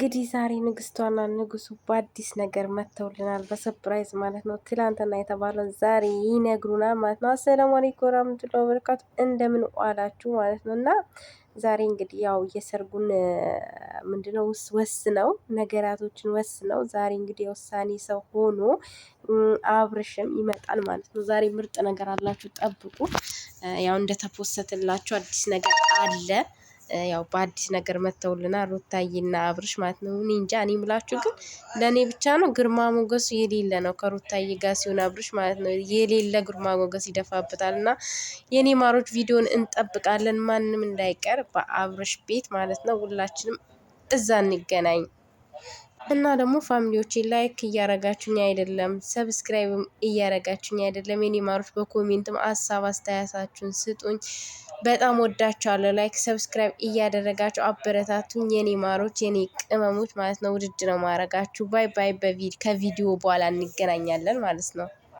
እንግዲህ ዛሬ ንግስቷና ንጉሱ በአዲስ ነገር መጥተውልናል፣ በሰፕራይዝ ማለት ነው። ትላንትና የተባለውን ዛሬ ይነግሩናል ማለት ነው። አሰላሙ አለይኩም ወራህመቱላሂ ወበረካቱ እንደምን ዋላችሁ ማለት ነው። እና ዛሬ እንግዲህ ያው የሰርጉን ምንድነው ነው ነገራቶችን ነው። ዛሬ እንግዲህ የውሳኔ ሰው ሆኖ አብርሽም ይመጣል ማለት ነው። ዛሬ ምርጥ ነገር አላችሁ ጠብቁ። ያው እንደተፖሰትላችሁ አዲስ ነገር አለ ያው በአዲስ ነገር መጥተውልናል ሩታዬና አብርሽ ማለት ነው። እኔ እንጃ እኔ ምላችሁ ግን ለእኔ ብቻ ነው ግርማ ሞገሱ የሌለ ነው። ከሩታዬ ጋር ሲሆን አብርሽ ማለት ነው የሌለ ግርማ ሞገስ ይደፋበታል። እና የእኔ ማሮች ቪዲዮን እንጠብቃለን፣ ማንም እንዳይቀር በአብርሽ ቤት ማለት ነው። ሁላችንም እዛ እንገናኝ። እና ደግሞ ፋሚሊዎች ላይክ እያረጋችሁኝ አይደለም፣ ሰብስክራይብ እያረጋችሁኝ አይደለም። የኔ ማሮች በኮሜንትም ሀሳብ አስተያየታችሁን ስጡኝ። በጣም ወዳችኋለሁ። ላይክ ሰብስክራይብ እያደረጋችሁ አበረታቱኝ። የኔ ማሮች፣ የኔ ቅመሞች ማለት ነው። ውድድ ነው ማረጋችሁ። ባይ ባይ። ከቪዲዮ በኋላ እንገናኛለን ማለት ነው።